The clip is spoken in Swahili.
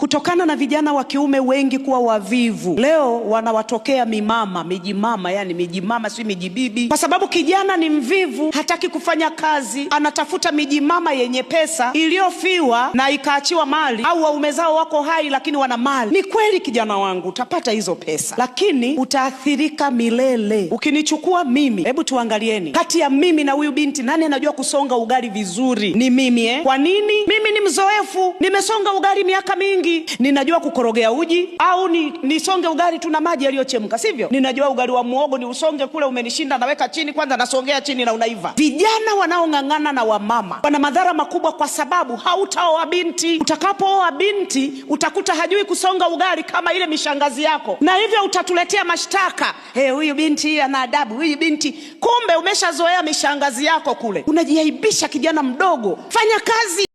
kutokana na vijana wa kiume wengi kuwa wavivu, leo wanawatokea mimama mijimama, yani mijimama si mijibibi, kwa sababu kijana ni mvivu, hataki kufanya kazi, anatafuta mijimama yenye pesa iliyofiwa na ikaachiwa mali, au waume zao wako hai lakini wana mali. Ni kweli kijana wangu, utapata hizo pesa, lakini utaathirika milele. Ukinichukua mimi, hebu tuangalieni, kati ya mimi na huyu binti, nani anajua kusonga ugali vizuri? Ni mimi eh? Kwa nini? Mimi ni mzoefu, nimesonga ugali miaka mingi nyingi ninajua kukorogea uji au ni, nisonge ugali tu na maji yaliyochemka, sivyo? Ninajua ugali wa muogo ni usonge kule, umenishinda, naweka chini kwanza, nasongea chini na unaiva. Vijana wanaong'ang'ana na wamama wana madhara makubwa, kwa sababu hautaoa binti. Utakapooa binti utakuta hajui kusonga ugali kama ile mishangazi yako, na hivyo utatuletea mashtaka, hey, eh, huyu binti ana adabu, huyu binti. Kumbe umeshazoea mishangazi yako kule, unajiaibisha kijana mdogo. Fanya kazi.